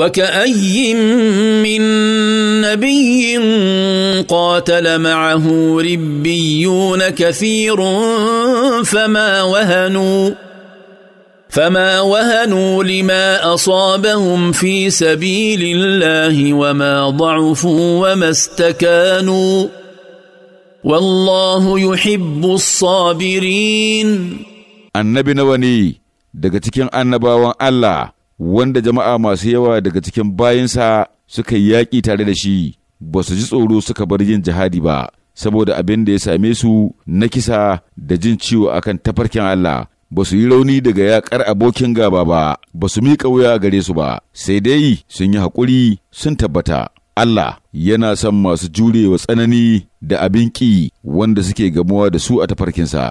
وكأي من نبي قاتل معه ربيون كثير فما وهنوا فما وهنوا لما أصابهم في سبيل الله وما ضعفوا وما استكانوا والله يحب الصابرين النبي نواني دقتك أنبا الله wanda jama'a masu yawa daga cikin bayansa suka yi yaƙi tare da shi ba su ji tsoro suka bar yin jihadi ba saboda abin da ya same su na kisa da jin ciwo akan tafarkin Allah ba su yi rauni daga yaƙar abokin gaba ba ba su miƙa wuya gare su ba sai dai sun yi haƙuri sun tabbata Allah yana son masu jurewa tsanani da abin ƙi wanda suke gamuwa da su a tafarkinsa.